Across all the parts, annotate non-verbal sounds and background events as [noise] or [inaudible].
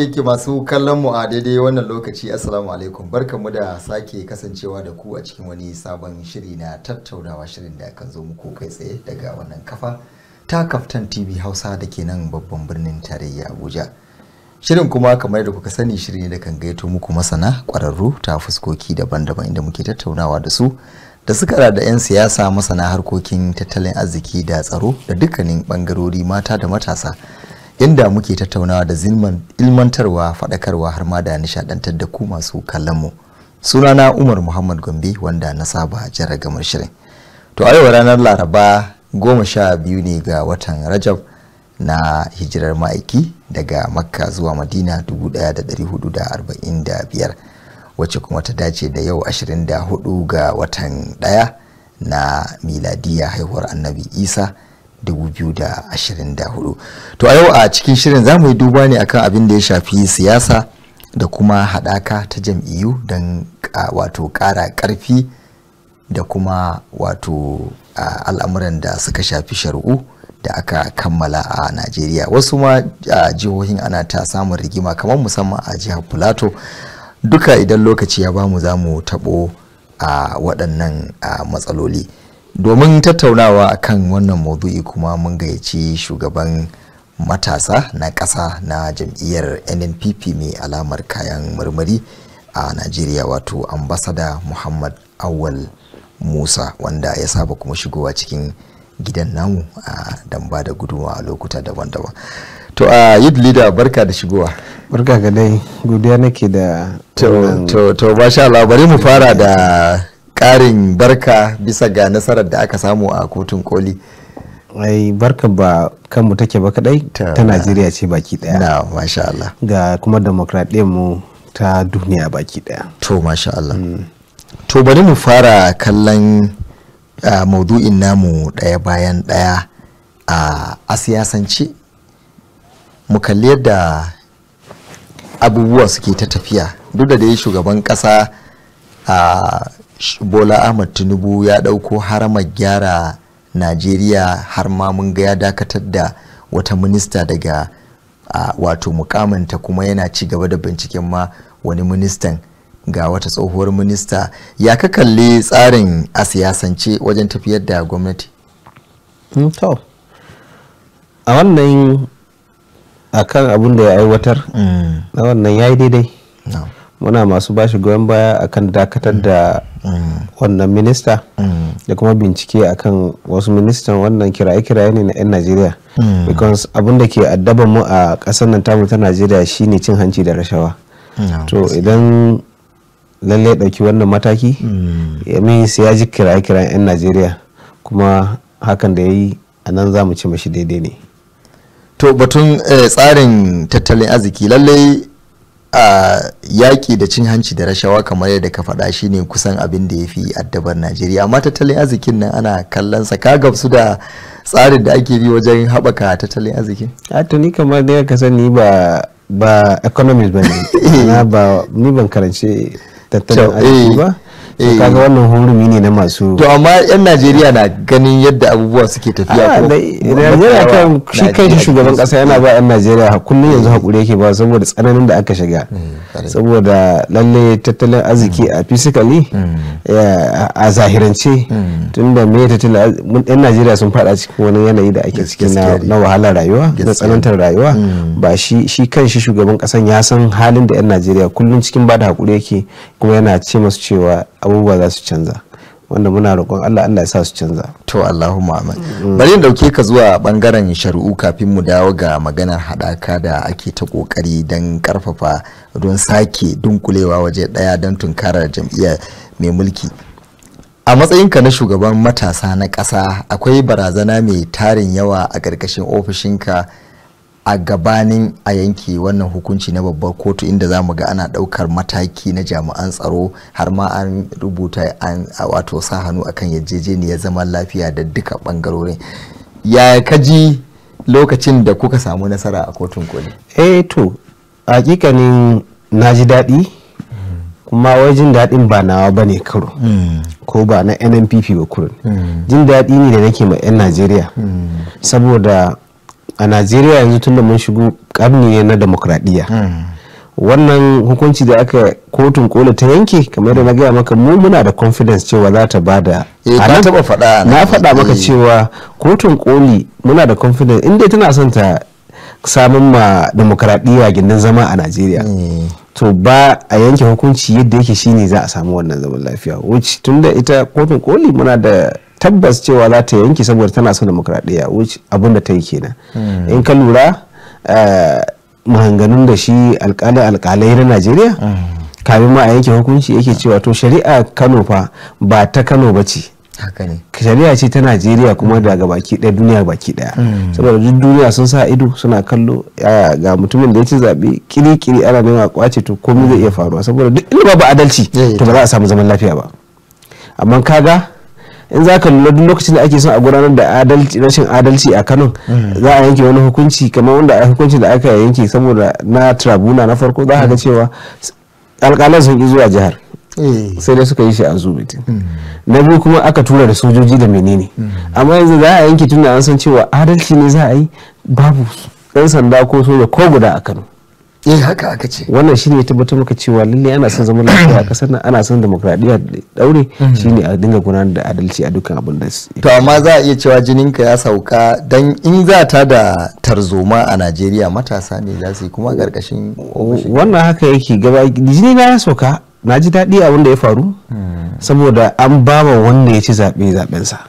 haka yake masu kallon mu a daidai wannan lokaci assalamu alaikum barkanmu da sake kasancewa da ku a cikin wani sabon shiri na tattaunawa shirin da kan zo muku kai tsaye daga wannan kafa ta kaftan tv hausa da ke nan babban birnin tarayya abuja shirin kuma kamar da kuka sani shiri ne da kan gaito muku masana kwararru ta fuskoki daban-daban inda muke tattaunawa da su da suka da da 'yan siyasa masana harkokin tattalin arziki da tsaro da dukkanin bangarori mata da matasa inda muke tattaunawa da zilman ilmantarwa faɗakarwa har ma da nishadantar da ku masu kallon mu sunana umar muhammad gombe wanda na saba jaragamar shirin to a yau ranar laraba goma sha biyu ne ga watan rajab na hijirar ma'aiki daga makka zuwa madina dubu da biyar wacce kuma ta dace da yau ashirin da 24 ga watan daya na miladiya haihuwar annabi isa 2024 to a yau a cikin shirin za mu yi duba ne akan abin da ya shafi siyasa da kuma haɗaka ta jam'iyyu don wato ƙara karfi da kuma wato al'amuran da suka shafi shari'u da aka kammala a najeriya wasu ma a jihohin ana ta samun rigima kamar musamman a jihar plato duka idan lokaci ya bamu za mu taɓo a waɗannan matsaloli domin tattaunawa akan wannan maudu'i kuma mun gayyaci shugaban matasa na ƙasa na jam'iyyar nnpp mai alamar kayan marmari a najeriya wato ambasada muhammad awal musa wanda ya saba kuma shigowa cikin gidan namu a damba da guduma a lokuta daban-daban to a yi yid leader barka da shigowa barka ga dai godiya nake da to to, to masha Allah bari mu fara da ƙarin barka bisa ga nasarar da aka samu a kotun koli ai barka ba kanmu take ba kadai ta najeriya ce baki daya na masha Allah ga kuma mu ta duniya baki daya to masha Allah mm. to bari mu fara kallon maudu'in namu daya bayan daya a siyasance mu kalli yadda abubuwa suke ta tafiya duk da dai shugaban kasa uh, bola ahmad tinubu ya dauko haramar gyara najeriya har ma mun ga ya dakatar da wata minista daga wato mukamanta kuma yana ci gaba da binciken ma wani ministan ga wata tsohuwar minista ya ka kalli tsarin a siyasance wajen tafiyar da gwamnati mm, a wannan akan abin da ya aiwatar na mm. wannan ya yi daidai muna masu bashi goyon baya akan dakatar da wannan minista da kuma bincike akan wasu ministan wannan kiraye-kiraye ne na 'yan najeriya because abin ke addaban mu a ƙasar nan tamu ta najeriya shine cin hanci da rashawa to idan lallai ɗauki wannan mataki ya sai ya ji kiraye-kirayen 'yan najeriya kuma hakan da ya yi a nan za mu ci mashi daidai ne to batun eh, tsarin tattalin arziki lallai a yaƙi da cin hanci da rashawa kamar yadda ka faɗa shi ne kusan abin da ya fi addabar najeriya amma tattalin arzikin nan ana kallon sa ka gamsu da tsarin da ake bi wajen haɓaka tattalin arziki a tuni kamar da ka sani ba ba economist [laughs] ba ne ni ban karanci tattalin eh. arziki ba Eh. kaga wannan hurumi ne na masu to amma yan najeriya na ganin yadda abubuwa suke tafiya ah, najeriya kan shi kai shugaban kasa yana ba yan najeriya kullum yanzu hakuri yake ba saboda tsananin da aka shiga hmm, saboda lalle tattalin arziki hmm. a physically hmm. a zahirance tunda me tattalin yan najeriya sun fada cikin wani yanayi da ake ciki na wahalar rayuwa da tsanantar rayuwa ba shi shi kan shi shugaban kasan ya san halin da yan najeriya kullum cikin bada hakuri yake kuma yana ce masu cewa abubuwa za su canza wanda muna roƙon Allah Allah ya sa su canza to Allahumma amin bari in dauke ka zuwa bangaren shari'u kafin mu dawo ga maganar hadaka da ake ta kokari don karfafa don sake dunkulewa waje daya don tunkarar jam'iyyar mai mulki a matsayinka na shugaban matasa na ƙasa akwai barazana mai tarin yawa a ƙarƙashin ofishinka a gabanin a yanke wannan hukunci na babbar kotu inda za mu ga ana daukar mataki na jami'an tsaro har ma an rubuta an wato sa hannu akan yarjejeniyar zaman lafiya da duka bangarorin ya kaji lokacin da kuka samu nasara a kotun koli eh to hakikanin na ji daɗi kuma wai jin daɗin ba nawa ba ne karo hmm. ko ba na nnpp ba kurin hmm. jin daɗi ne da nake ma 'yan najeriya hmm. saboda a najeriya yanzu tun da mun shigo karni ne na demokradiyya wannan hukunci da aka kotun kola ta yanke kamar da na gaya maka mu muna da confidence cewa za ta ba da eh, na faɗa maka cewa kotun koli muna da confidence inda tana son ta samun ma demokradiyya gindin zama a najeriya eh. to ba a yanke hukunci yadda yake shine za a samu wannan zaman lafiya wuce tunda ita kotun koli muna da tabbas cewa za ta yanki saboda tana son demokradiyya abin da ta yi kenan hmm. in ka lura eh, mahanganun da shi alkalin alkalai na najeriya hmm. kafin ma a yanke hukunci yake cewa to shari'a kano fa ba ta kano ba ce shari'a ce ta najeriya kuma hmm. daga baki ɗaya duniya baki ɗaya saboda duk duniya sun sa ido suna kallo ga mutumin da ya ci zaɓe kiri-kiri ana nema kwace to komai zai iya faruwa saboda duk inda ba adalci to ba za a samu zaman lafiya ba amma kaga in za ka lura duk lokacin da ake son a gudanar da adalci rashin adalci a kano mm. za a yanke wani hukunci kamar wanda a hukunci da aka yanke saboda na tribuna na farko za a ga cewa alƙalan sun zuwa jihar eh. sai dai suka yi shi a zubiti mm. na biyu kuma aka tura da sojoji da menene mm. amma yanzu za a yanke tun an san cewa adalci ne za a yi babu ɗan sanda ko soja ko guda a kano eh haka aka ce wannan shine ya tabbatar maka cewa lalle ana son zaman lafiya a kasar nan ana son demokradiyya daure mm. shine a dinga gudanar da adalci a dukkan abin da to amma za a iya cewa jininka ya sauka dan in za ta da tarzoma a Najeriya matasa ne za su yi kuma karkashin wannan haka yake gaba jini na ya sauka na ji daɗi abin da ya faru mm. saboda an ba wanda ya ci zaɓe zaɓensa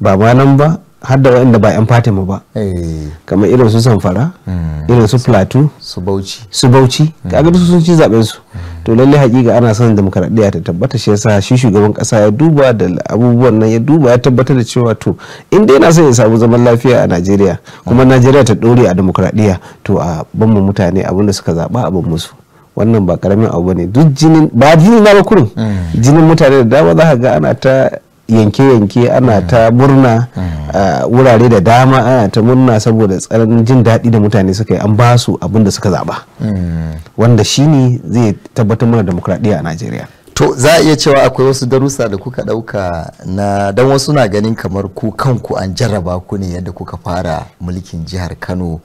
ba ma nan ba har da wanda ba yan fatima ba eh. kamar irin su samfara hmm. irin su plateau su bauchi su bauchi kaga su sun ci zaben su hmm. to lalle hakika ana son demokradiyya ta tabbata shi yasa shi shugaban kasa ya duba da abubuwan nan ya duba ya tabbatar da cewa to inda yana son ya samu zaman lafiya a Najeriya kuma hmm. Najeriya ta dore a demokradiyya to a ban mu mutane abinda suka zaba a ban musu wannan ba karamin abu ne duk jinin ba jinin na ba kurin jinin mutane da dama za ka ga ana ta yanke-yanke ana mm. ta murna mm. wurare da dama ana ta murna saboda tsananin jin daɗi da mutane suka yi an ba su abin da suka zaɓa mm. wanda shi ne zai tabbatar mana demokradiyya a najeriya to za a iya cewa akwai wasu darussa da kuka ɗauka na don wasu na ganin kamar ku kanku an jarraba ku ne yadda kuka fara mulkin jihar kano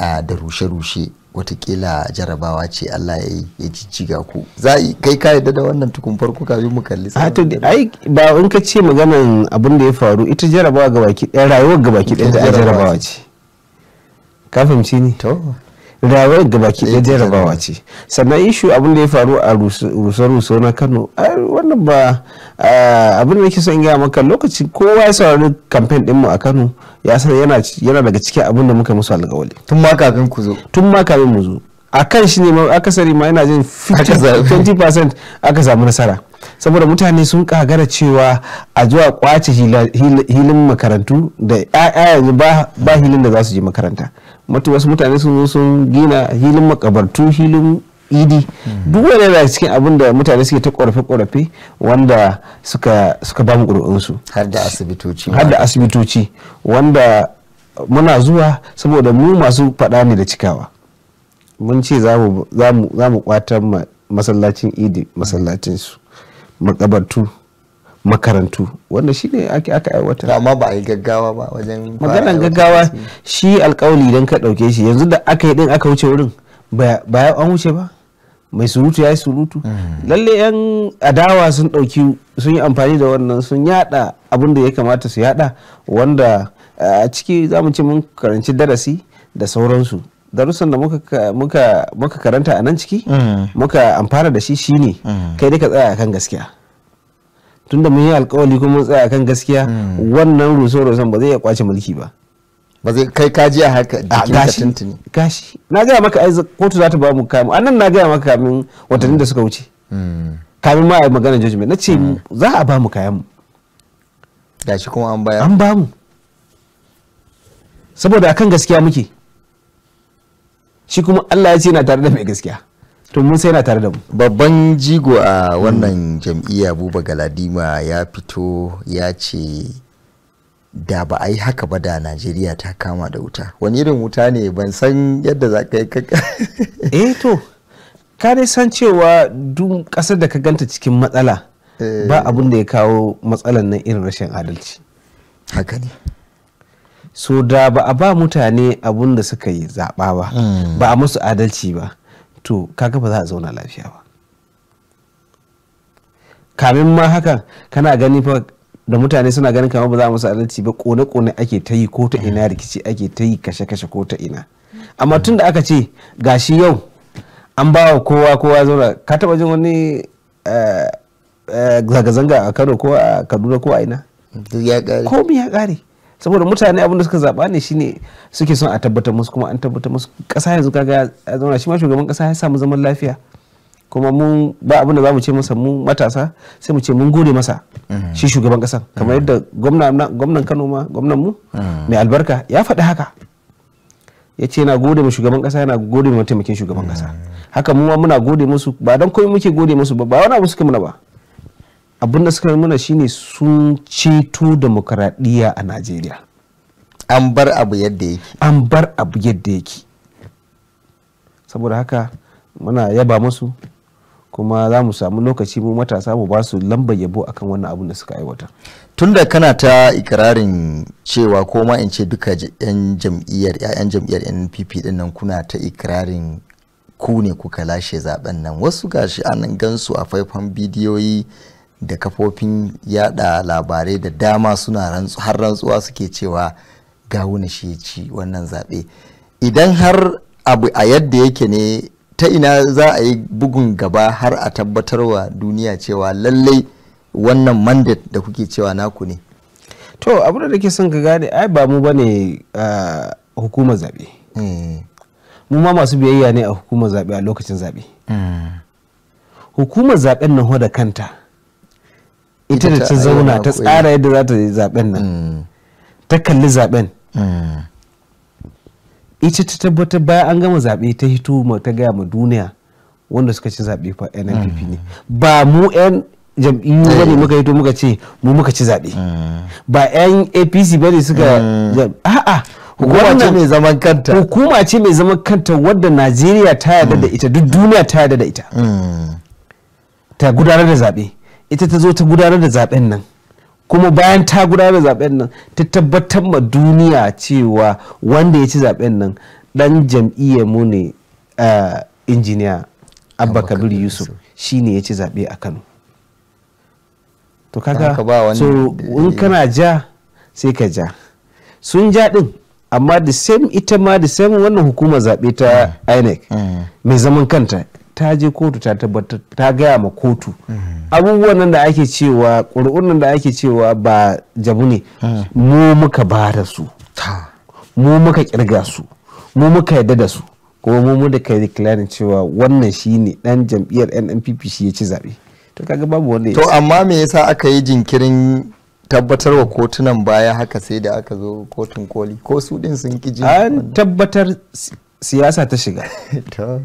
da rushe-rushe watakila jarabawa ce Allah ya ya jijjiga ku za kai ka yadda da wannan tukun farko kafin mu kalli to ai ba in ka ce maganan abin da ya faru ita jarabawa ga baki ɗaya rayuwar ga baki ɗaya da jarabawa ce ka fahimci ni to rawar da baki ɗaya jarabawa ce sannan ishu abin da ya faru a rusa-rusa na kano wannan ba abin da nake son gaya maka lokacin kowa ya saurari kamfen dinmu a kano ya san yana daga cikin abin da muka musu alƙawali tun ma kafin ku zo tun ma kafin mu zo a kan shi ne akasari ma yana jin 20% aka samu nasara saboda mutane sun kagara cewa a zuwa kwace hilin makarantu da 'ya'ya yanzu ba hilin da za su je makaranta mutu wasu mutane sun zo sun gina hilin makabartu hilin idi duk wani daga cikin abin da mutane suke ta korafe-korafe wanda suka ba mu ƙuri'unsu har da asibitoci asibitoci wanda muna zuwa saboda mu masu faɗa ne da cikawa mun ce za mu kwatar masallacin idi masallacin su makabartu makarantu wanda shi ne aka aiwata amma ba a yi gaggawa ba wajen maganan gaggawa shi alkawali idan ka ɗauke shi yanzu da aka yi din aka wuce wurin ba an wuce ba mai surutu ya yi surutu hmm. lalle yan adawa sun ɗauki sun yi amfani da wannan sun yada abin da ya kamata su yada wanda a ciki za mu ce mun karanci darasi da sauransu darussan da muka, karanta a nan ciki hmm. muka amfana da shi shine hmm. kai dai ka tsaya kan gaskiya tunda mun yi alkawali kuma mun tsaya kan gaskiya hmm. wannan ruso-ruson ba zai iya kwace mulki ba ba zai kai kaji a haka gashi tuntuni gashi na gaya maka ai kotu za ta ba mu kamu annan na gaya maka kamin watannin da suka wuce hmm. kamin ma a magana judgment na ce hmm. za a ba mu kayan mu gashi kuma an baya an ba mu saboda akan gaskiya muke shi kuma Allah ya ce na tare da mai gaskiya to musa yana tare da mu babban jigo a wannan jam'iyya buba galadima ya fito ya ce da ba a yi haka ba da najeriya ta kama da wuta wani irin wuta ne ban san yadda za ka yi kaka [laughs] eh to ka ne san cewa duk kasar da ka ganta cikin matsala eh. ba abin da ya kawo matsalan nan irin rashin adalci haka ne so da ba a ba mutane abun da suka yi zaɓa ba hmm. ba a musu adalci ba to kaga ba za a zauna lafiya ba kamin ma hakan kana gani fa da mutane suna ganin kamar ba za musu adalci ba kone-kone ake ta yi ko ta mm. ina rikici ake ta yi kashe-kashe ko ta ina amma tun da aka ce gashi yau an ba wa kowa kowa zauna ka taba jin wani eh, eh, zanga-zanga a kano ko a kaduna ko a ina ko ya kare saboda mutane abin da suka zaba ne shine suke son a tabbatar musu kuma an tabbatar musu kasa yanzu kaga a zauna shi ma shugaban kasa ya samu zaman lafiya kuma mun ba abin da za mu ce masa mu matasa sai mu ce mun gode masa mm. shi shugaban kasa kamar mm. yadda gwamnan Kano ma gwamnan mu mm. mai albarka ya faɗi haka ya ce yana gode ma shugaban kasa yana gode ma mataimakin shugaban kasa haka mu ma muna gode musu ba don komai muke gode musu ba ba wani abu suka muna ba abinda suka mana shine sun ceto demokaradiyya a najeriya an bar abu yadda yake an bar abu yadda yake saboda haka muna yaba musu kuma za mu samu lokaci mu matasa mu ba su lambar yabo akan wannan abun da suka aiwata tun da kana ta ikirarin cewa ko ma in ce duka yan jam'iyyar yan jam'iyyar NPP din nan kuna ta ikirarin ku ne kuka lashe zaben nan wasu gashi an gansu a faifan bidiyoyi da kafofin yada labarai da dama suna har rantsuwa suke cewa gawuna shi ya ci wannan zaɓe idan har abu a yadda yake ne ta ina za a yi bugun gaba har a tabbatar wa duniya cewa lallai wannan mandat da kuke cewa naku ne to abu da ke son ka gane ai ba mu bane hukumar zaɓe eh. mu ma masu biyayya ne a hukumar zaɓe a lokacin zaɓe hmm. hukumar zaɓen nan da kanta ita da ta zauna ta tsara yadda za ta zaben nan mm. ta kalli zaben mm. ita ta tabbatar bayan an gama zaɓe ta hito ma ta gaya ma duniya wanda suka ci zaɓe fa NNPP mm. ne ba mu 'yan jam'iyyu ba ne eh. muka hito muka ce mu muka ci zaɓe ba 'yan APC ba ne suka a'a hukuma ce mai zaman kanta hukuma ce mai zaman kanta wadda Najeriya ta yarda da ita duk duniya ta yarda da ita ta gudanar da zaɓe ita ta zo ta gudanar da zaben nan kuma bayan ta gudanar da zaben nan ta tabbatar ma duniya cewa wanda ya ci zaben nan dan jam'iyyar mu ne injiniya abba kabir yusuf shine ya ci zaɓe a kano to kaga so in kana ja sai ka ja sun ja din amma da same ita ma da same wannan hukumar zaɓe ta inec mm. mai zaman kanta ta je kotu ta tabbatar ta gaya ma kotu abubuwan nan da ake cewa ƙuri'un nan da ake cewa ba jabu ne mu muka ba da su mu muka kirga su mu muka yadda da su kuma mu mu da kai declaring cewa wannan shine dan jam'iyyar NNPP shi ya ci zabe to kaga babu wanda ya to amma me yasa aka yi jinkirin tabbatar wa kotunan baya haka sai da aka zo kotun koli ko su din sun ki an tabbatar siyasa ta shiga [laughs]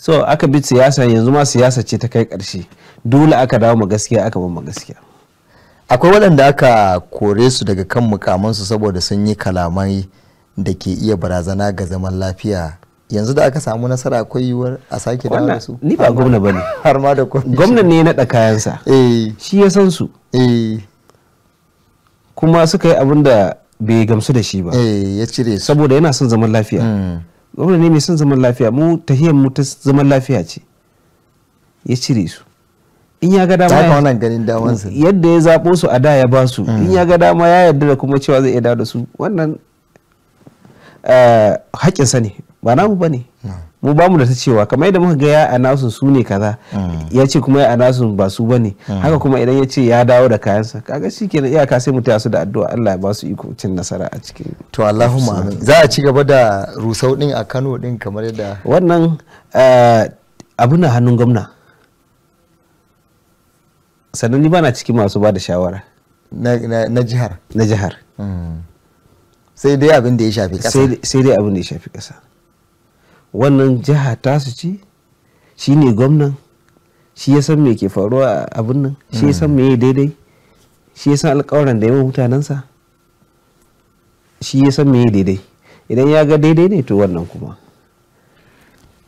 so aka bi siyasa yanzu ma siyasa ce ta kai karshe dole aka dawo ma gaskiya aka bar ma gaskiya akwai waɗanda aka kore su daga kan mukamansu saboda sun yi kalamai da ke iya barazana ga zaman lafiya yanzu da aka samu nasara akwai yiwuwar a sake dawo da su ni ba gwamna bane [laughs] har ma da gwamna ne na kayansa eh shi ya san su eh kuma suka yi abin da bai gamsu da shi ba eh ya cire saboda yana son zaman lafiya hmm. gwamna ne mai son zaman lafiya mu tahiyar mu ta zaman lafiya ce ya cire su in ya ga dama yadda ya zaɓo su a da ya ba su in hmm. ya ga dama ya yarda da kuma cewa zai iya da su wannan eh, haƙƙinsa ne ba namu ba ne mu bamu da ta cewa kamar yadda muka ga ya anasun su ne kaza mm. ya ce kuma ya anasun ba su bane mm. haka kuma idan ya ce ya dawo da kayansa kaga shikenan iyaka sai mu taya su da addu'a Allah ya ba su iko cin nasara a cikin to Allahumma amin za a ci gaba da rusau din a Kano din kamar yadda wannan eh, abu na hannun gwamna sannan ni bana cikin masu ba da shawara na jihar na jihar mm. sai dai abin da ya shafi kasa sai dai abin da ya shafi kasa wannan jiha tasu ce shi ne gwamnan shi ya san me ke faruwa a abin nan shi ya san me daidai shi ya san alkawaran da ya mutanensa shi ya san me daidai idan ya ga daidai ne to wannan kuma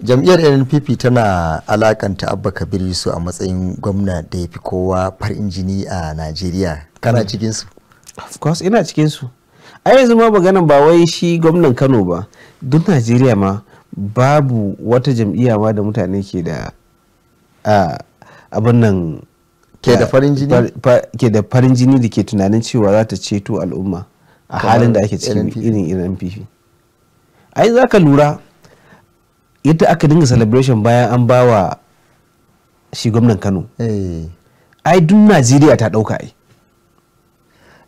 jam'iyyar nnpp tana alakanta abba kabir su a matsayin gwamna da ya fi kowa farin jini a najeriya kana cikinsu of course ina cikinsu a yanzu ma ganin ba wai shi gwamnan kano ba duk najeriya ma babu wata jam'iyya ma da mutane ke da abin nan ke da farin jini ke da farin jini da ke tunanin cewa za ta ceto al'umma a halin da ake cikin irin irin fifi ai za ka lura yadda aka dinga celebration bayan an bawa shi gwamnan kano eh. ai duk najeriya ta dauka ai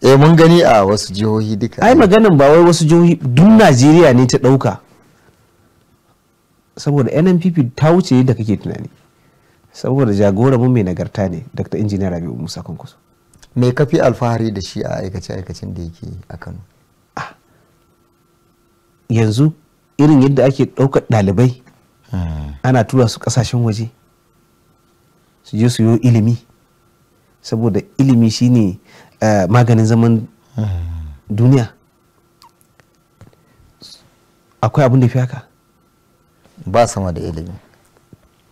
eh mun gani a wasu jihohi duka ai maganin ba wai wasu jihohi duk najeriya ne ta dauka saboda nnpp ta wuce yadda kake tunani saboda jagoran mu mai nagarta ne dr injiniya rabi'u musa kwankwaso me kafi alfahari da shi a aikace aikacen da yake a kano ah, yanzu irin yadda ake ɗaukar ɗalibai hmm. ana tura su kasashen waje su je su yi ilimi saboda ilimi shine eh, maganin zaman hmm. duniya akwai abin da fi haka ba sama da ilimi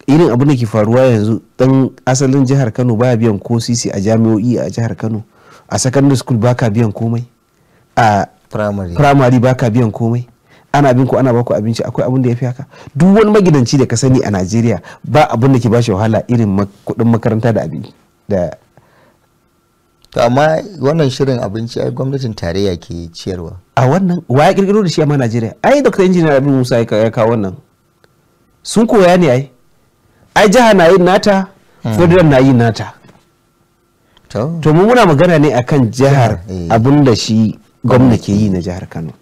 irin abin da ke faruwa yanzu dan asalin jihar kano baya biyan ko sisi a jami'o'i a jihar kano a secondary school baka biyan komai a primary primary baka biyan komai ana bin ku ana baku abinci akwai abin da ya fi haka duk wani magidanci da ka sani a najeriya ba abin da ke bashi wahala irin kudin makaranta da abin da to amma wannan shirin abinci ai gwamnatin tarayya ke ciyarwa a wannan wa ya kirkiro da shi amma najeriya ai dr injiniyar abin musa ya kawo wannan sun koya ne ai ai jiha na yin nata hmm. federal na yin nata to mu muna magana ne akan jihar eh. abin da shi gwamna ke yi na jihar kano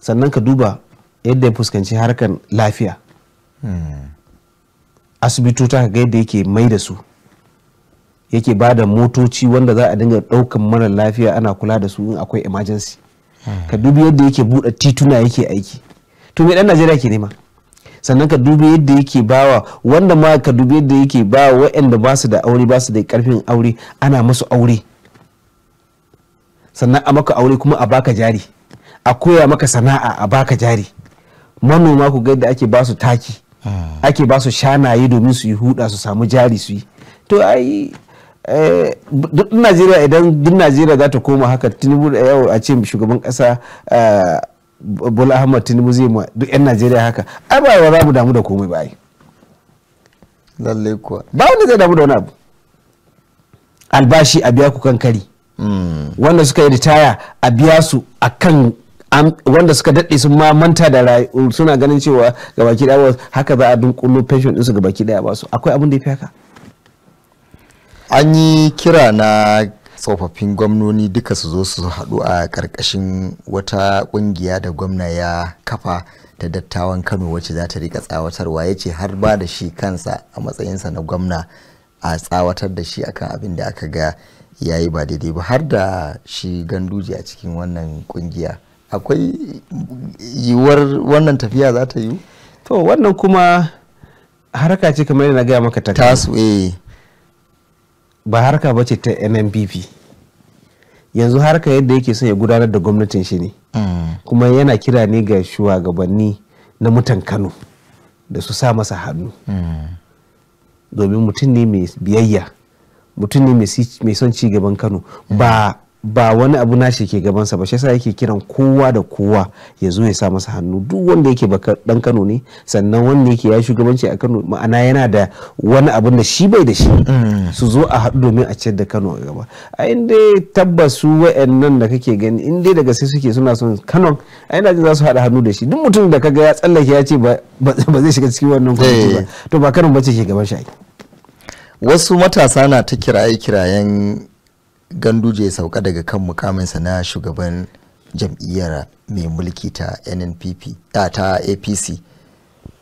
sannan ka duba yadda ya fuskanci harkar lafiya hmm. asibitota ga yadda yake mai da su yake ba da motoci wanda za a dinga ɗaukan mara lafiya ana kula da su in akwai emergency hmm. ka dubi yadda yake buɗe tituna yake aiki to me dan najeriya ke nema sannan ka dubi yadda yake bawa wanda ma ka dubi yadda yake bawa waɗanda ba su da aure ba su da karfin aure ana musu aure sannan a maka aure kuma a baka jari a koya maka sana'a a baka jari manoma ku ga yadda ake ba su taki ah. ake ba su shanaye domin su yi huda su samu jari su yi to ai eh, duk najeriya idan duk najeriya za ta koma haka tinubu da yau a ce shugaban kasa ah, bola ahmad tinubu zai ma duk yan najeriya haka ai ba za mu damu da komai ba ai lalle kuwa ba wanda zai damu da wani abu albashi a biya ku kan kari hmm. wanda suka yi ritaya a biya su a kan wanda suka daɗe sun ma manta da suna ganin cewa ga baki daya haka za a dunkulo pension ɗinsu ga baki daya ba su akwai abin da ya fi haka an yi kira na tsofaffin gwamnoni duka su zo su haɗu a ƙarƙashin wata ƙungiya da gwamna ya kafa ta dattawan kano wacce za ta rika tsawatarwa ya ce har ba da shi kansa a matsayinsa na gwamna a tsawatar da shi akan abin da aka ga ya yi ba daidai ba har da shi ganduje a cikin wannan ƙungiya akwai yiwuwar wannan tafiya za ta yiwu to wannan kuma haraka ce kamar na gaya maka ta tasu eh. ba harka ba ce ta nnpp yanzu harka yadda yake son ya gudanar da gwamnatin shi ne kuma yana kira ne ga shugabanni na mutan kano da su sa masa hannu domin mutum ne mai biyayya mutum ne mai son ci gaban kano ba ba wani abu nashi ke gabansa ba shi yasa yake kiran kowa da kowa ya zo ya sa masa hannu duk wanda yake dan Kano ne sannan wanda yake ya shugabanci a Kano ma'ana yana da wani abun da shi bai da shi mm. su zo a haɗu domin a ciyar da Kano a gaba a inda tabbas su wa'annan da kake gani in dai daga sai suke suna son Kano a inda jin za su haɗa hannu da shi duk mutum da kaga ya tsallake ya ce ba zai shiga cikin wannan kwamiti ba eh. to ba Kano bace ke gaban shi wasu matasa na ta kiraye-kirayen ganduje ya sauka daga kan mukaminsa na shugaban jam'iyyar mai mulki ta nnpp ta apc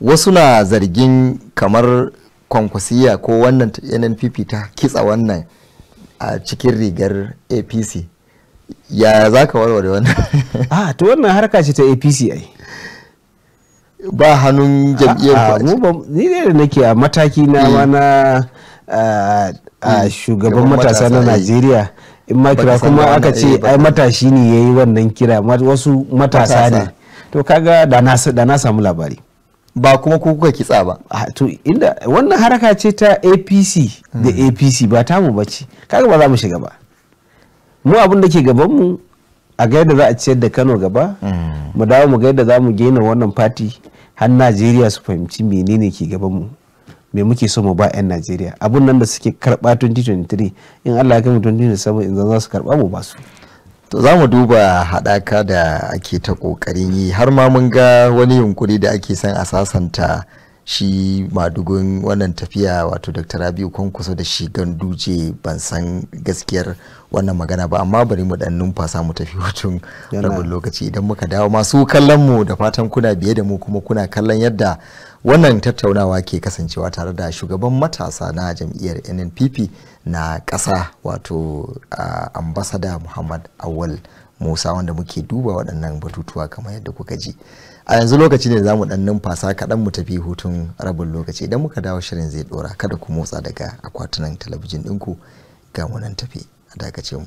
wasu na zargin kamar kwankwasiya ko wannan nnpp ta kitsa wannan a cikin rigar apc ya za ka warware wannan a [laughs] ah, to wannan harka ce ta apc ai ba hannun jam'iyyar ah, ah, ni ne da nake a mataki na eh. na a mm. shugaban matasa na najeriya in ma kira kuma aka ce ai matashi ne ya yi wannan kira wasu matasa ne to kaga da na samu labari ba kuma ku kuka kitsa ba to inda wannan haraka ce ta apc da mm. apc ba ta mu bace kaga ba za mu shiga ba mu abin da ke gaban mu a ga yadda za a ciyar da kano gaba mm. mu dawo mu ga yadda za mu gina wannan fati har najeriya su fahimci menene ke gaban mu. me muke so mu ba 'yan najeriya abun nan da suke karba 2023 in allah ya kai mu 2027 in za su karba mu ba su to za mu duba haɗaka da ake ta ƙoƙarin yi har ma mun ga wani yunkuri da ake son a sasanta shi madugun wannan tafiya wato dr rabiu kusa da shi ganduje ban san gaskiyar wannan magana ba amma bari mu dan numfasa mu tafi [laughs] hutun rabin lokaci idan muka dawo masu kallon mu da fatan kuna biye da mu kuma kuna kallon yadda wannan tattaunawa ke kasancewa tare da shugaban matasa na jam'iyyar nnpp na ƙasa wato uh, ambasada muhammad awal musa wanda muke duba waɗannan batutuwa kamar yadda kuka ji a yanzu lokaci ne za mu dan numfasa kaɗan mu tafi hutun rabin lokaci idan muka dawo shirin zai ɗora kada ku motsa daga akwatunan talabijin ɗinku ga mu nan tafi a dakace mu.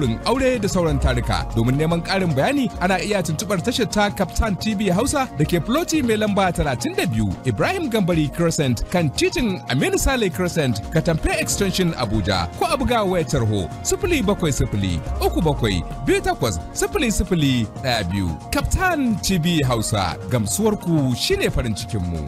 wurin aure da sauran tarika. Domin neman ƙarin bayani ana iya tuntuɓar tashar ta Captain TV Hausa da ke Floti mai lamba 32 Ibrahim Gambari Crescent kan titin Aminu Sale Crescent Katamfe Extension Abuja ko a buga waya tarho 07037 biyu Captain TV Hausa gamsuwar ku shine farin cikinmu. mu.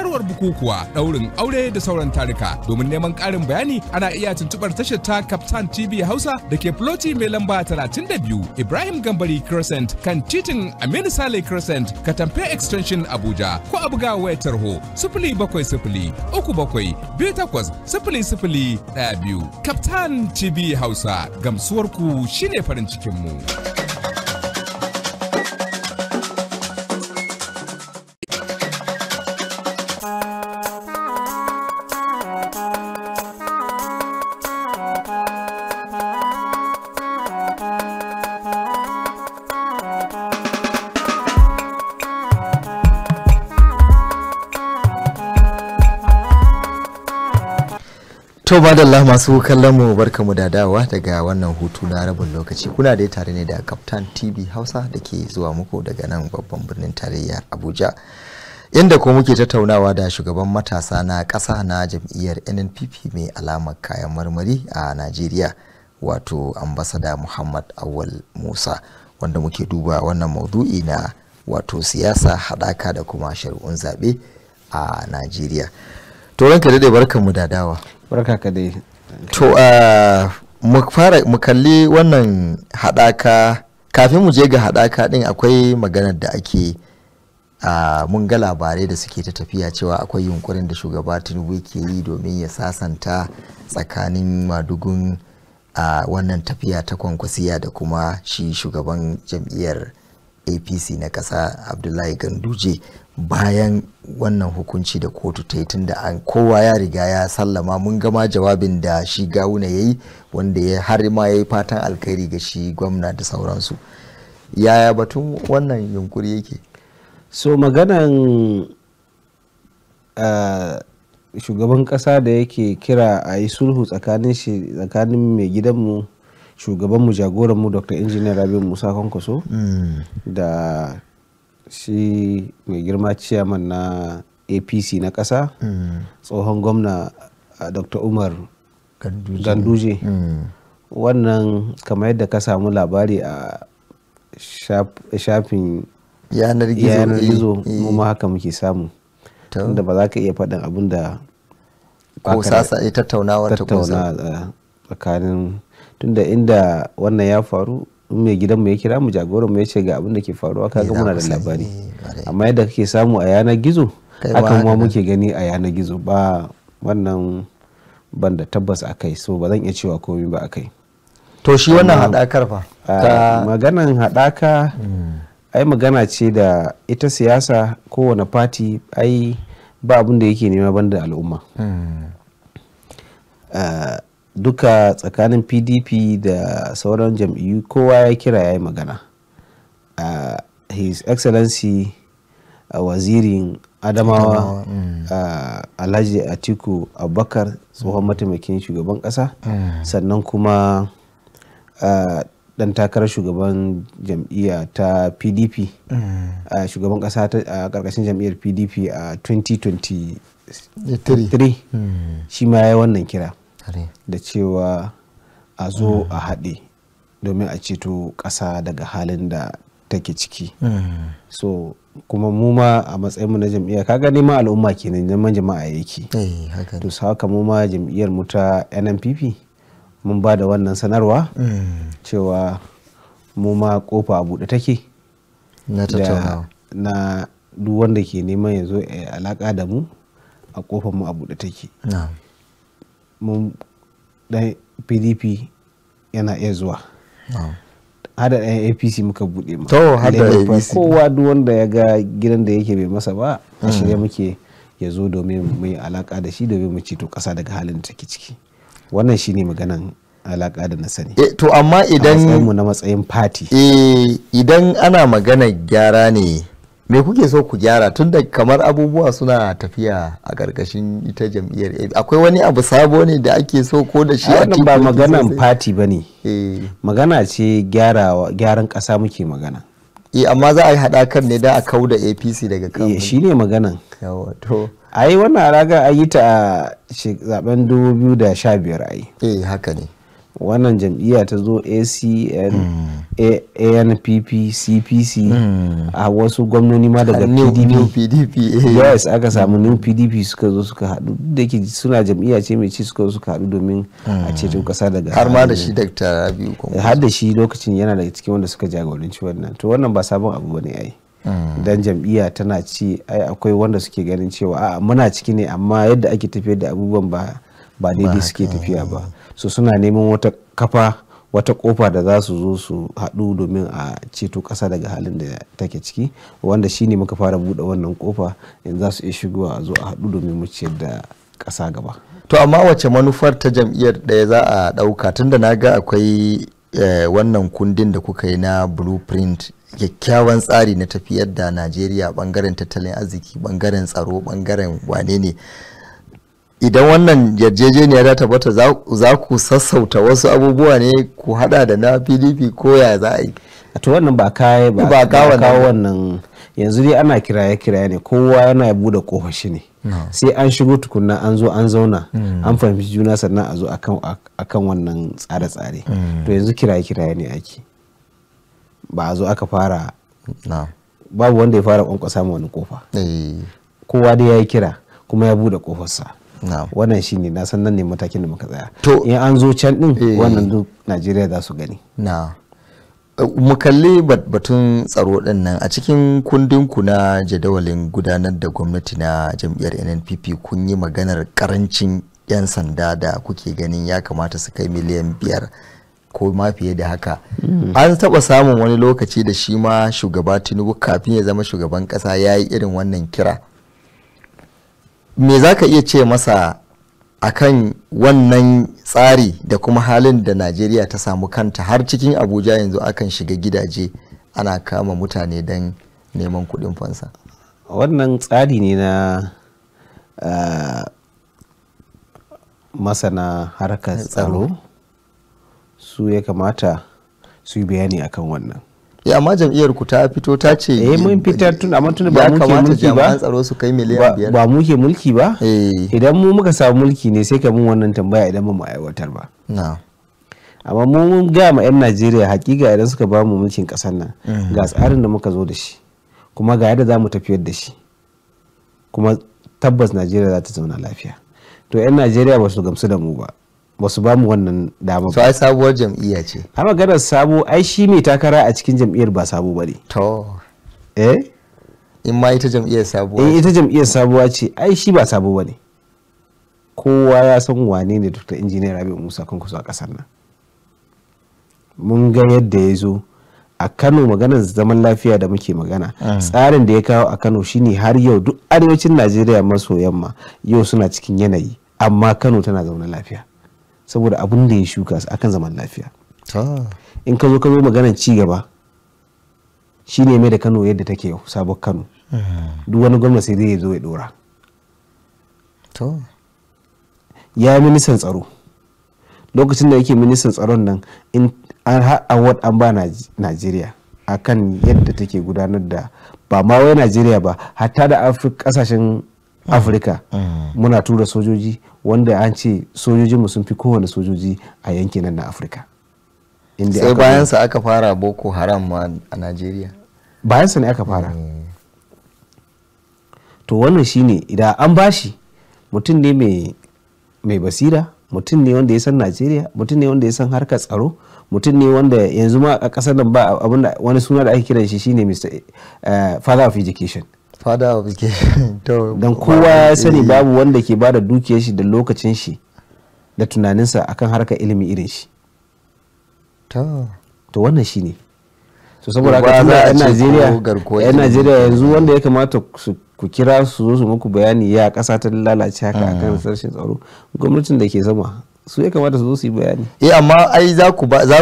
sanarwar bukukuwa daurin aure da sauran tarika domin neman karin bayani ana iya tuntuɓar tashar ta captain tv hausa da ke floti mai lamba 32 ibrahim gambari crescent kan titin aminu sale crescent katamfe extension abuja ko a buga wayar tarho 070 biyu captain tv hausa gamsuwar ku shine farin cikinmu. mu to Allah masu kallon mu barkamu da dawa daga wannan hutu na rabin lokaci kuna da tare ne da captain tv hausa da ke zuwa muku daga nan babban birnin tarayya abuja inda ko muke tattaunawa da shugaban matasa na ƙasa na jam'iyyar nnpp mai alamar kayan marmari a najeriya wato ambasada muhammad awal musa wanda muke duba wannan maudu'i na wato siyasa haɗaka da kuma shari'un zaɓe a najeriya turan ka daɗe barkan mu da barka ka dai to ah, mu fara mu kalli wannan haɗaka kafin mu je ga haɗaka ɗin akwai maganar da ake a ah, mun ga labarai da suke ta tafiya cewa akwai yunkurin da shugaba tinubu ke yi domin ya sasanta tsakanin madugun a ah, wannan tafiya ta kwankwasiya da kuma shi shugaban jam'iyyar apc na ƙasa abdullahi ganduje bayan wannan hukunci da kotu ta yi tunda an kowa ya riga ya sallama mun gama jawabin da shi gawuna ya yi wanda ya har ma ya yi fatan alkhairi ga shi gwamna da sauransu yaya batun wannan yunkuri yake so maganan uh, shugaban kasa da yake kira a yi sulhu tsakanin shi tsakanin mai gidanmu shugabanmu jagoranmu dr injiniya rabin musa kwankwaso mm. da shi mai girma ciyaman na apc na ƙasa hmm. tsohon gwamna ah, dr umar ganduje hmm. wannan kamar yadda ka samu labari a shafin yanar gizo eh. mu haka muke samu tunda ba za ka iya faɗin abin da ko sasa ya tattaunawa ta ah, tsakanin tunda inda wannan ya faru mai gidan mu ya kira mu jagoran mu ya ce ga abin da ke faruwa kaga eh, muna da labari eh, amma yadda kake samu a yanar gizo hakan ma muke gani a yanar gizo ba wannan ban da tabbas a kai so ba zan iya cewa komai ba a kai to shi wannan hadakar fa maganan hadaka hmm. ai magana ce da ita siyasa kowane fati ai ba abin da yake nema banda al'umma hmm. duka tsakanin pdp da sauran jam'iyyu kowa ya kira ya yi magana uh, his excellency uh, wazirin adamawa mm. uh, alhaji atiku abubakar tsohon mataimakin shugaban kasa mm. sannan kuma uh, dan takarar shugaban jam'iyya ta pdp uh, mm. shugaban kasa a uh, karkashin jam'iyyar pdp a uh, 2023 mm. shi ma ya yi wannan kira da cewa a zo hmm. a haɗe domin a ceto ƙasa daga halin da take ciki hmm. so kuma mu ma a matsayinmu na jam'iyyar ka gani ma al'umma kenan neman jama'a yake eh, to haka mu ma jam'iyyar mu ta NNPP mun ba da wannan sanarwa hmm. cewa mu ma kofa a buɗe take na duk wanda ke neman ya zo alaƙa da mu a kofar mu a buɗe take mun dan pdp yana iya zuwa hada ɗan apc muka buɗe ma to hada apc kowa duk wanda ya ga gidan da yake bai masa ba a mm. shirye muke ya zo domin mu yi alaka da shi domin mu ceto ƙasa daga halin da take ciki wannan shine maganan alaka da na sani eh to amma idan mu na matsayin party eh idan ana magana gyara ne me kuke so ku gyara tun da kamar abubuwa suna tafiya a ƙarƙashin ita jam'iyyar akwai wani abu sabo ne da ake so ko da shi a ba maganan fati ba ne eh. magana ce gyaran ƙasa muke magana e amma za a yi haɗakar ne da a kau da apc daga kan eh, shi ne maganan a yi wannan raga a yi ta a zaben 2015 a yi e haka ne wannan jam'iyya ta zo acn hmm. anpp cpc hmm. a wasu gwamnoni ma daga pdp eh. yes aka samu new pdp suka zo suka haɗu da ke suna jam'iyya ce mai ci suka zo suka haɗu domin a hmm. ceto kasa daga har ma da shi dakta rabiu har da shi lokacin yana daga cikin wanda suka jagoranci wannan to wannan ba sabon abu bane ai dan jam'iyya tana ci ai akwai wanda suke ganin cewa a muna ciki ne amma yadda ake tafiyar da abubuwan ba ba daidai suke tafiya ba su suna neman wata kafa wata kofa da za su zo su haɗu domin a ceto ƙasa daga halin da take ciki wanda shine muka fara buɗe wannan kofa in za su iya shigowa a zo a haɗu domin mu ciyar da ƙasa gaba to amma wace manufar ta jam'iyyar ɗaya za a ɗauka tunda na ga akwai eh, wannan kundin da kuka yi na blueprint kyakkyawan tsari na tafiyar da najeriya bangaren tattalin arziki bangaren tsaro bangaren wane ne idan wannan yarjejeniya ta tabbata za ku sassauta wasu abubuwa ne ku hada da na pdp ko ya za a yi to wannan ba kawo ba kawo wannan yanzu dai ana kiraye kiraye ne kowa yana bude kofashi ne sai an shigo tukunna an zo an zauna mm. an fahimci juna sannan a zo akan wannan tsare-tsare mm. to yanzu kiraye kiraye ne ake ba a zo aka fara babu wanda ya fara kwankwasa ma wani kofa eh. kowa dai ya yi kira kuma ya bude kofarsa wannan ne na san ne matakin da muka tsaya to in an zo can din eh. wannan duk najeriya za su gani eh, mu kalli batun tsaro din nan a cikin kundinku na jadawalin gudanar da gwamnati na jam'iyyar nnpp kun yi maganar karancin 'yan sanda da kuke ganin ya kamata su kai miliyan biyar ko ma fiye da haka mm. an taɓa samun wani lokaci da shi ma shugaba tinubu kafin ya zama shugaban ƙasa ya yi irin wannan kira me za ka iya ce masa a kan wannan tsari da kuma halin da najeriya ta samu kanta har cikin abuja yanzu akan shiga gidaje ana kama mutane don neman kudin fansa wannan tsari ne na uh, masana harkar tsaro su ya kamata su yi bayani akan wannan ya amma jam'iyyar ku ta fito ta ce eh mun fitar tun amma tun ba muke mulki ba tsaro su kai miliyan biyar ba muke mulki ba eh. idan mu muka samu mulki ne sai ka mun wannan tambaya idan ba mu aiwatar ba amma mu mun ga ma yan Najeriya hakika idan suka ba mu mulkin kasar nan mhm. ga tsarin da muka zo da shi kuma ga yadda za mu tafiyar da shi kuma tabbas Najeriya za ta zauna lafiya to yan Najeriya ba su gamsu da mu ba ba su ba mu wannan dama ba. ai sabuwar jam'iyya ce. a maganar sabo ai shi mai takara a cikin jam'iyyar ba sabo ba to. eh. in ma ita jam'iyyar sabuwa. Eh ita jam'iyyar sabuwa ce ai shi ba sabo ba kowa ya san wane ne dr injiniyar rabi musa kan kusa a kasar nan mun ga yadda ya zo a kano maganar zaman lafiya da muke magana ah. tsarin da ya kawo a kano shine har yau duk arewacin najeriya maso yamma yau suna cikin yanayi amma kano tana zaune lafiya saboda abin da ya shuka su akan zaman lafiya in ka zo ka zo maganar ci gaba shi ne mai da Kano yadda take yau sabon Kano eh. duk wani gwamna sai zai zo ya dora ya yi ministan tsaro lokacin da yake ministan tsaron nan in an an ba Najeriya kan yadda take gudanar da ba ma wai Najeriya ba hatta da kasashen hmm. Afirka hmm. muna tura sojoji wanda an ce sojojinmu sun fi kowane sojoji a yankin nan na afirka sai bayan sa aka fara boko haram ma a najeriya bayan sa ne aka fara mm. to wannan shine idan an bashi mutum ne mai basira mutum ne wanda ya san najeriya mutum ne wanda ya san harkar tsaro mutum ne wanda yanzu ma a kasar nan ba abinda wani suna da ake kiran shi shine mr eh, father of education fada of [laughs] to dan kowa ya sani babu wanda ke bada dukiyar shi da lokacin shi da tunaninsa akan harkar ilimi irin shi to to wannan shine so saboda haka tunda yan Najeriya yan Najeriya yanzu wanda ya kamata su ku kira su zo su muku bayani ya kasa ta lalace haka akan sarshen mm. tsaro gwamnatin da ke zama su ya kamata su zo su yi bayani eh amma ai za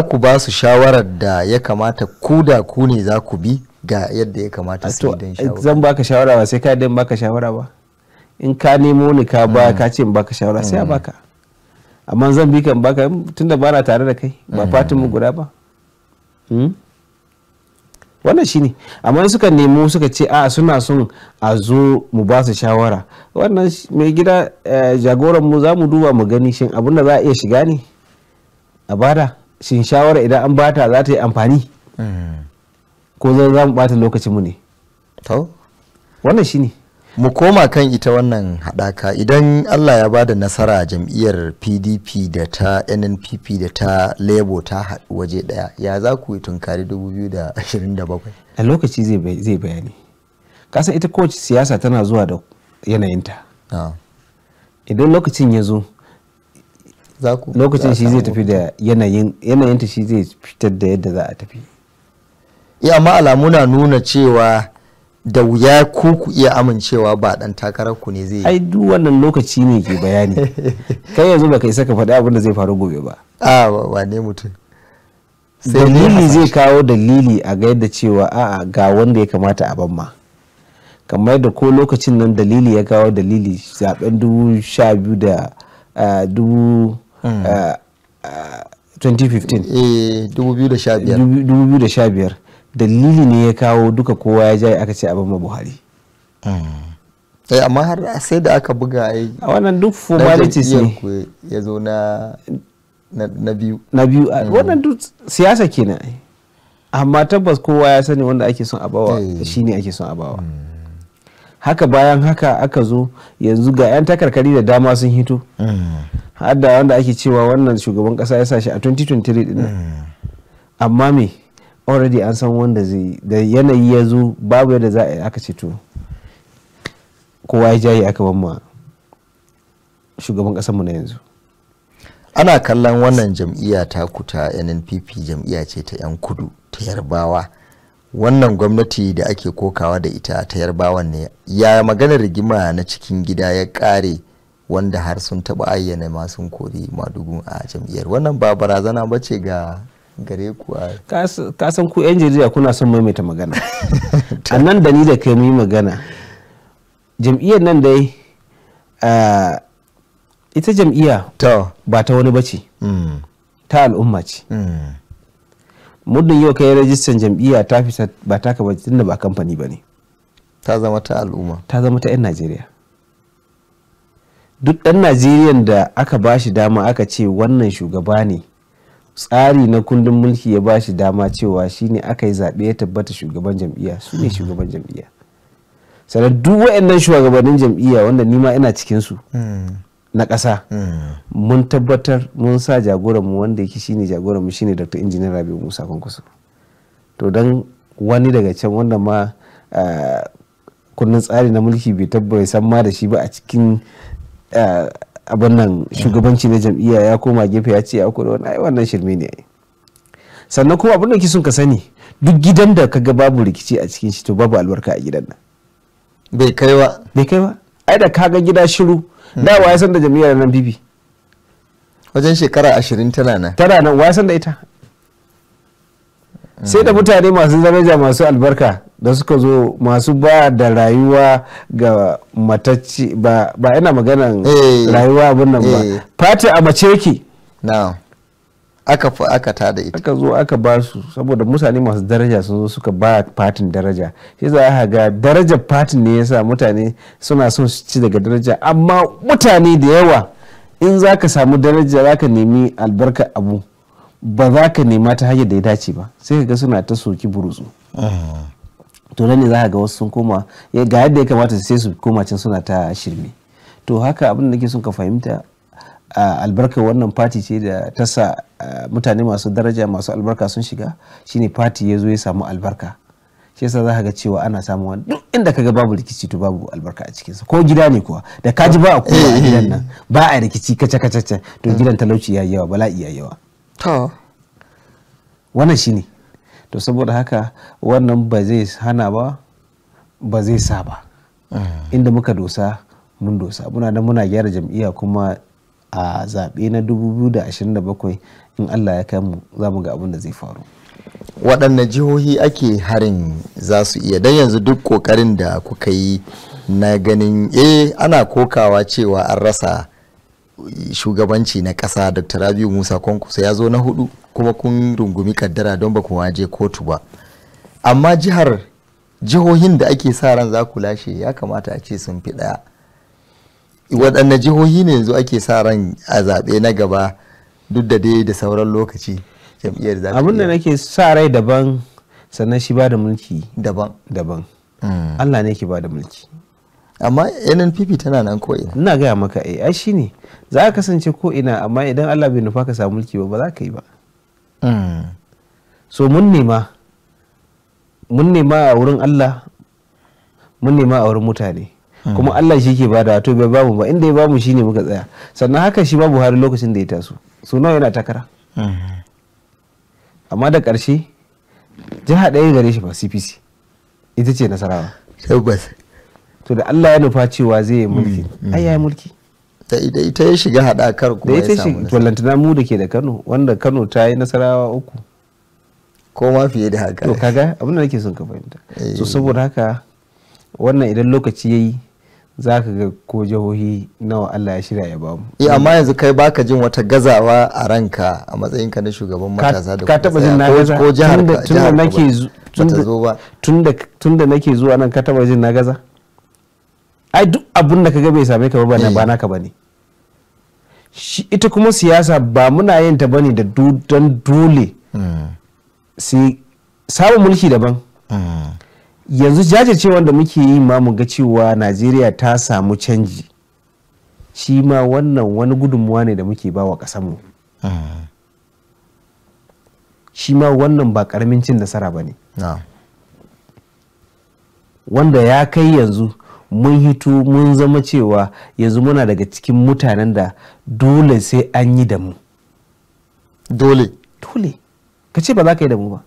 ku ba su shawarar da ya kamata ku da ku ne za ku bi ga yadda ya kamata su don shawara zan baka shawara ba sai ka dan baka shawara ba in ka nemo ni ka ba mm. ka ce in baka shawara sai a mm. baka amma zan bi kan baka tunda ba na tare da kai ba mm. fatin mu guda ba hmm? wannan shine amma suka nemo suka ce a suna son a zo mu ba su shawara wannan mai gida eh, jagoran mu za mu duba mu gani shin abin da za a iya shiga ne a bada shin shawara idan an bata za ta yi amfani ko za mu bata lokacin mu ne to wannan ne. mu koma kan ita wannan haɗaka idan allah ya ba da nasara jam'iyyar pdp da ta nnpp da ta labo ta haɗu waje ɗaya ya za ku yi tunkari 2027 a lokaci zai bayani kasan ita kowace siyasa tana zuwa da yanayinta idan lokacin ya zo lokacin shi zai tafi da yanayinta shi zai fitar da yadda za a tafi iya ma alamu na nuna cewa da wuya ku ku iya amincewa ba dan takarar ku ne zai ai duk wannan lokaci ne ke bayani [laughs] kai yanzu ba isa ka faɗi abin da zai faru gobe ba a wane mutum dalili zai kawo dalili a ga yadda cewa a'a ga wanda ya kamata a bamma kamar da ko lokacin nan dalili ya kawo dalili zaben dubu sha biyu da dubu 2015 hmm. 2015 dalili ne ya kawo duka kowa ya jaye aka ce abin ma buhari sai mm. eh, amma har sai da aka buga ai a wannan duk formalities ne ya zo na na biyu na biyu mm. wannan duk siyasa kenan amma tabbas kowa ya sani wanda ake son abawa eh. shine ake son abawa mm. haka bayan haka aka zo yanzu ga 'yan takarkari da dama sun hito har da wanda ake cewa wannan shugaban kasa ya sa shi a 2023 din amma me already an san wanda zai da yanayi ya zo babu yadda za a yi aka ceto kowa ya jaye aka ban ma shugaban mu na yanzu ana kallon wannan jam'iyya ta kuta nnpp jam'iyya ce ta 'yan kudu ta yarbawa wannan gwamnati da ake kokawa da ita ta yarbawan ne ya maganar rigima na cikin gida ya ƙare wanda har sun taba ayyana masu kori madugun a jam'iyyar wannan ba barazana bace ga gare ku a ka san ku yan jarida kuna son maimaita magana a nan da ni da kai yi magana jam'iyyar nan dai ita jam'iyya ba ta wani bace mm. ta al'umma ce mm. muddin yau kai rajistan jam'iyya ta fi ba ta ka bace tunda ba kamfani ba ne ta zama ta al'umma ta zama ta 'yan najeriya duk ɗan najeriyan da aka ba shi dama aka ce wannan shugaba ne tsari na kundin mulki ya ba shi dama cewa shine aka yi zaɓe ya tabbata shugaban jam'iyya su ne shugaban jam'iyya sannan duk waɗannan shugabannin jam'iyya wanda nima ina cikinsu hmm. na ƙasa hmm. mun tabbatar mun sa jagoranmu wanda yake shine jagoranmu shine dr injiniyar rabi musa kwankwaso to don wani daga can wanda ma eh, kundin tsari na mulki bai tabbata san ma da shi ba a cikin eh, abin nan shugabanci na jam'iyya ya koma gefe ya ce ya kuma wani wannan shirme ne sannan kuma abin da ke sun ka sani duk gidan da kaga babu rikici a cikin shi to babu albarka a gidan nan bai kai ba bai kai ba ai da kaga gida shiru da wa ya san da jam'iyyar nan bibi wajen shekara ashirin tana nan tana nan wa ya san da ita sai da mutane masu daraja masu albarka da suka zo masu ba da rayuwa ga matacci ba yana maganan eh. rayuwa abin nan ba eh. fati a mace yake aka fi aka ta da ita aka zo aka ba su saboda mutane masu daraja sun zo suka ba fatin daraja shi za a ga daraja fatin ne yasa mutane suna son su ci daga daraja amma mutane da yawa in za ka samu daraja za ka nemi albarka abu ba za ka nema ta hanyar da ya dace ba sai ka ga suna ta soki burutsu to nan ne za ka ga wasu sun koma ga yadda ya kamata sai su koma can suna ta shirme to haka abin da nake son ka fahimta albarkar wannan fati ce da ta sa mutane masu daraja masu albarka sun shiga shine fati ya zo ya samu albarka shi yasa za ka ga cewa ana samun wani duk inda ka ga babu rikici to babu albarka a cikinsa ko gida ne kuwa da ka ji ba a kowa a gidan nan ba a rikici kaca kaca to gidan talauci ya yawa bala'i ya yawa to wannan ne to saboda haka wannan ba zai hana ba ba zai sa ba hmm. inda muka dosa mun dosa muna da muna gyara jam'iyya kuma a zaɓe na 2027 in allah ya kai mu za mu ga abin da zai faru waɗanne jihohi ake harin za su iya dan yanzu duk ƙoƙarin da kuka yi na ganin eh ana kokawa cewa an rasa shugabanci na ƙasa dr rabiu musa Kwankwasa ya zo na hudu kuma kun rungumi kaddara don ba kuma je kotu ba amma jihar jihohin da ake sa ran za ku lashe ya kamata a ce sun fi ɗaya waɗanne jihohi ne yanzu ake sa ran a zaɓe na gaba duk da dai da sauran lokaci jam'iyyar zaɓe abin da nake sa rai daban sannan shi ba da mulki daban daban hmm. Allah ne ke ba da mulki amma nnpp tana nan ko ina ina gaya maka eh, ai ai ne. za ka kasance ko ina amma idan Allah bai nufa ka samu mulki ba ba za ka yi ba hmm. so mun nema mun nema a wurin Allah mun nema a wurin mutane hmm. kuma Allah shi ke bada to bai bamu ba inda ya bamu shine muka tsaya sannan haka shi ma Buhari lokacin da ya taso so nawa yana takara hmm. amma da ƙarshe jiha ɗaya gare shi ba CPC ita ce nasarawa tabbas to da Allah ya nufa cewa zai yi mulki ai ya yi mulki ta ita ita ya shiga haɗakar kuma ya samu nasara. Wallantana mu da ke da Kano wanda Kano ta yi nasarawa uku. Ko ma fiye da haka. To kaga abin da nake son ka fahimta. Eh. So saboda haka wannan idan lokaci ya yi za ka ga ko jihohi nawa Allah ya shirya ya ba mu. eh amma yanzu kai baka jin wata gazawa a ranka a matsayin ka na shugaban matasa da ka taba jin na gaza ko jihar ka tunda nake tunda tunda nake zuwa nan ka taba jin na gaza. Ai duk abin da ka ga bai same ka ba ba eh. naka bane. shi ita kuma siyasa ba muna yin ta bane da don dole sai samun mulki daban yanzu jajircewa da muke yi ma mu ga cewa najeriya ta samu canji shi ma wannan wani gudunmuwa ne da muke ba wa ƙasanmu shi ma wannan ba ƙaramin cin nasara ba ne wanda ya kai yanzu mun hito mun zama cewa yanzu muna daga cikin mutanen da dole sai an yi da mu dole dole ka ce ba za ka yi da mu ba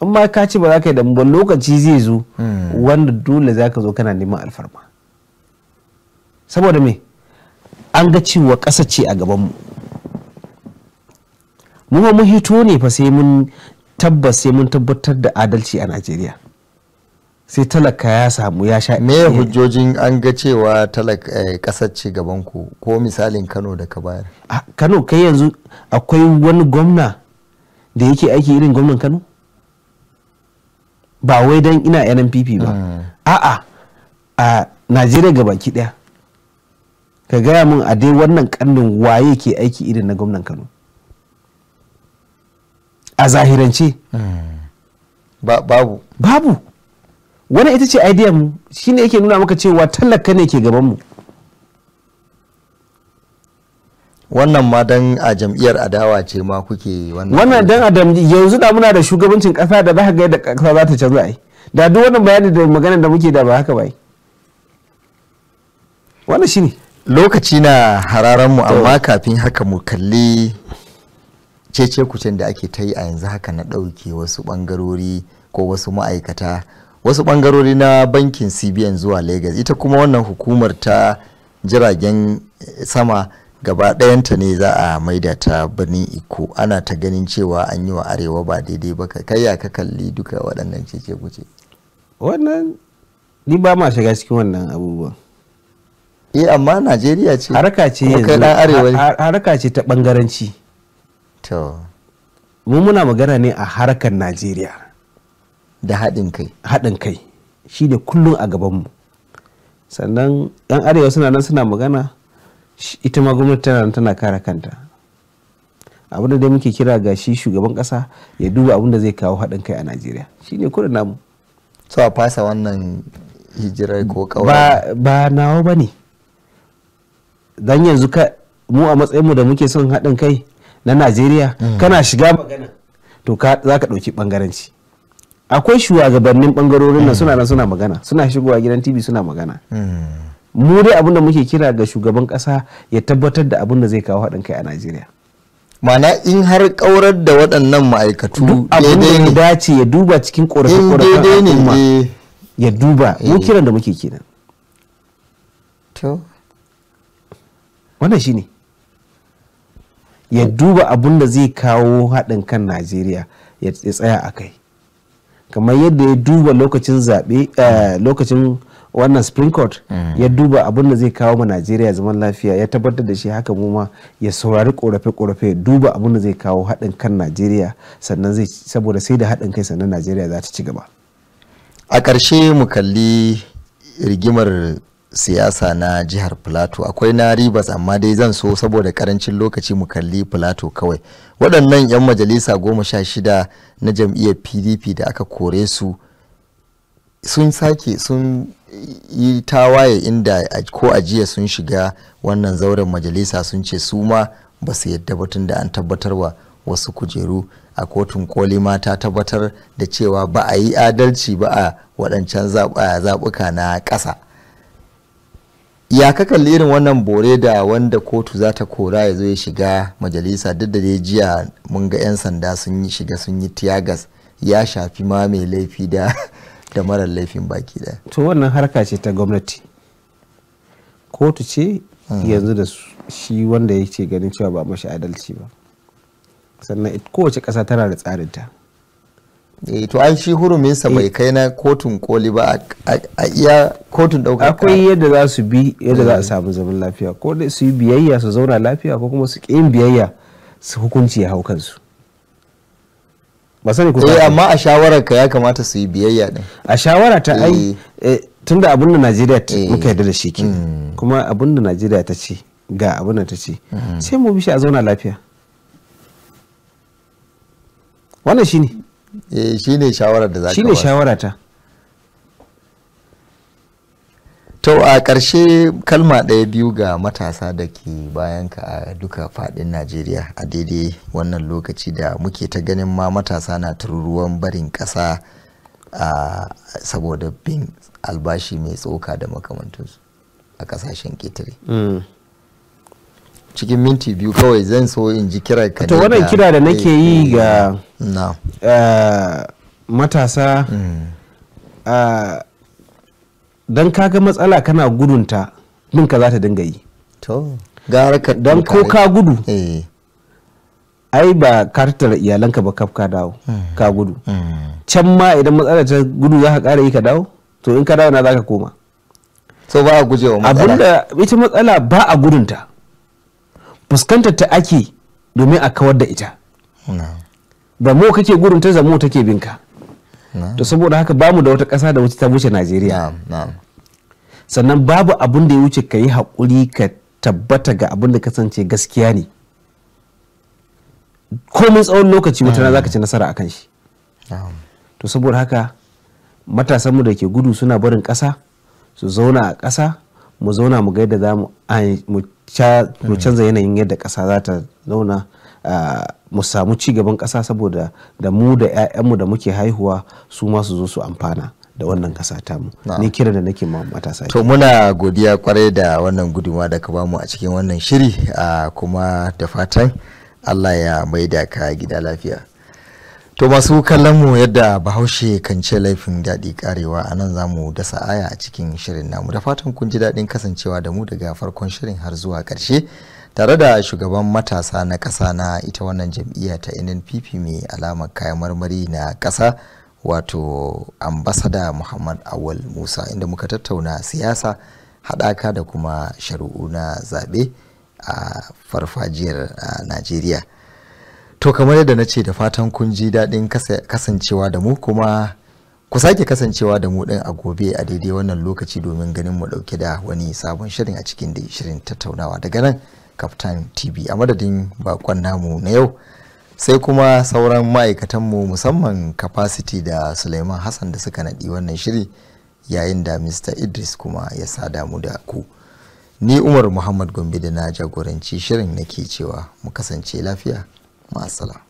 in ma ka ce ba za ka yi da mu ba lokaci zai zo hmm. wanda dole za ka zo kana neman alfarma saboda me an ga cewa ƙasa ce a gabanmu mu mu hito ne fa sai mun tabbas sai mun tabbatar da adalci a najeriya sai talaka ya samu ya sha me hujjojin an ga cewa talaka kasar eh, ci gaban ko misalin kano da ka bayar kano kai yanzu akwai wani gwamna da yake aiki irin gwamnan kano ba wai don ina nnpp ba hmm. a'a a najeriya ga baki daya ka gaya mun a dai wannan kannin waye ke aiki irin na gwamnan kano a zahirance babu babu wani ita ce idea mu shine yake nuna maka cewa tallaka ne ke gaban mu wannan ma dan a jam'iyyar adawa ce ma kuke wannan wannan dan adam yanzu da muna da shugabancin kasa da za ga yadda kasa za ta canza ai da duk wannan bayani da magana da muke da ba haka ba wannan shine lokaci na hararan mu amma kafin haka mu kalli cece kucin da ake ta yi a yanzu haka na ɗauke wasu ɓangarori ko wasu ma'aikata wasu ɓangarori na bankin cbn zuwa lagos ita kuma wannan hukumar ta jiragen eh, sama gaba ɗayanta ne za a maida ta birnin iko ana ta ganin cewa an yi wa arewa ba daidai ba ka kai ya ka kalli duka waɗannan cece kuce wannan ni ba ma shiga cikin wannan abubuwan eh amma najeriya ce haraka ce haraka ce ta ɓangaranci. mun muna magana ne a harkar najeriya da haɗin kai haɗin kai shi ne kullum a gabanmu sannan 'yan arewa suna nan suna magana ita ma gwamnati tana tana kare kanta abinda da muke kira ga shi shugaban kasa ya duba abin da zai kawo haɗin kai a najeriya ne kudin namu so a fasa wannan hijirar ko kawai ba nawa ba ne don yanzu mu a matsayinmu da muke son haɗin kai na najeriya mm. kana shiga magana to za ka ɗauki ɓangaranci akwai shugabannin ɓangarorin nan mm. suna nan suna magana suna shigowa gidan tv suna magana mm. mu dai abin da muke kira ga shugaban ƙasa ya tabbatar da abin da zai kawo haɗin kai a najeriya mana in har kaurar da waɗannan ma'aikatu abin da ya dace ya duba cikin ƙorafe-ƙorafen al'umma eh. ya duba mu eh. kiran da muke kenan to wannan shine ya duba abun da zai kawo haɗin kan najeriya ya tsaya a kai kamar yadda ya duba lokacin zaɓe eh, lokacin wannan spring court mm. ya duba abin da zai kawo ma najeriya zaman lafiya ya tabbatar da shi haka ma ya saurari korafe-korafe ya duba abin da zai kawo haɗin kan najeriya sannan zai saboda sai da haɗin kai sannan najeriya za ta ci gaba a ƙarshe mu kalli rigimar siyasa na jihar plateau akwai na ribas amma dai zan so saboda karancin lokaci mu kalli plateau kawai waɗannan 'yan majalisa goma sha shida na jam'iyyar pdp da aka kore su sun sake sun yi tawaye inda ko ajiya sun shiga wannan zauren majalisa sun ce su ma ba su yadda batun da an tabbatar wa wasu kujeru a kotun koli ma ta tabbatar da cewa ba a yi adalci ba a waɗancan zaɓuka na ƙasa ya ka kalli irin wannan bore da wanda kotu za ta kora ya zo ya shiga majalisa duk da jiya mun ga 'yan sanda sun yi shiga sun yi tiyagas ya shafi ma mai laifi da [laughs] da marar laifin baki da to wannan harka ce ta gwamnati kotu ce mm-hmm. yanzu da shi wanda ya ce ganin cewa ba mashi adalci ba sannan kowace ƙasa tana da tsarinta Eh, to ai shi huruminsa eh. bai kai na kotun koli ba a iya kotun ɗaukar akwai yadda za su bi yadda za a eh. samu zaman lafiya ko dai su yi biyayya su zauna lafiya ko kuma su ƙin biyayya su hukunci ya hau kansu ba sani kusa eh amma a shawarar ka ya kamata su yi biyayya din a shawara ta ai tunda abin da Najeriya muka yarda da shi ke mm. kuma abin da Najeriya ta ce ga abin da ta ce mm. sai mu bi shi a zauna lafiya wannan shine eh shine shawarar da za ne shawara ta to a ƙarshe kalma ɗaya biyu ga matasa da ke bayanka a duka faɗin najeriya a daidai wannan lokaci da muke ta ganin ma matasa na tururuwan barin ƙasa a saboda bin albashi mai tsoka da makamantansu a ƙasashen ƙetare. Mm. cikin minti biyu kawai zan so in ji kira ka to wannan kira da nake yi ga eh, eh, matasa hmm. eh, don kaga matsala kana gudunta min ka za ta dinga yi to gara ka don ko ka gudu ai ba kartar iyalanka ba kafka dawo hmm. ka gudu hmm. can ma idan matsala ta gudu za ka kara yi ka dawo to in ka dawo na za ka koma so ba a gujewa matsala abinda ita matsala ba a gudunta fuskantar ta ake domin a kawar da ita ba mu kake gurin ta zamo take binka to saboda haka bamu da wata kasa da wata ta wuce najeriya sannan babu abin da ya wuce ka yi haƙuri ka tabbata ga abin da kasance gaskiya ne komin tsawon lokaci wata na zaka ci nasara a kan shi to saboda haka matasanmu da ke gudu suna barin ƙasa su zauna a kasa mu zauna mu ga yadda za mu canza yanayin yadda ƙasa za ta zauna mu samu ci gaban ƙasa saboda da mu da 'ya'yanmu da muke haihuwa su ma su zo su amfana da wannan ƙasa tamu ni kira da nake ma matasa to muna godiya kwarai da wannan gudunmawa da ka bamu a cikin wannan shiri kuma da fatan Allah ya maida ka gida lafiya to masu kallon mu yadda bahaushe kan ce laifin daɗi karewa a nan zamu dasa aya a cikin shirin namu da fatan kun ji daɗin kasancewa da mu daga farkon shirin har zuwa ƙarshe tare da shugaban matasa na ƙasa na ita wannan jam'iyya ta nnpp mai alamar kayan marmari na ƙasa wato ambasada muhammad awal musa inda muka tattauna siyasa haɗaka da kuma shari'u na zaɓe a farfajiyar najeriya to kamar yadda na ce da fatan kun ji daɗin kasancewa da mu kuma ku sake kasancewa da mu ɗin a gobe a daidai wannan lokaci domin ganin mu ɗauke da wani sabon shirin a cikin da shirin tattaunawa daga nan kaftan tv a madadin bakon namu na yau sai kuma sauran ma'aikatan mu musamman capacity da suleiman hassan da suka naɗi wannan shiri yayin da mr idris kuma ya sa damu da ku ni umar muhammad gombe da na jagoranci shirin nake cewa mu kasance lafiya مع السلامة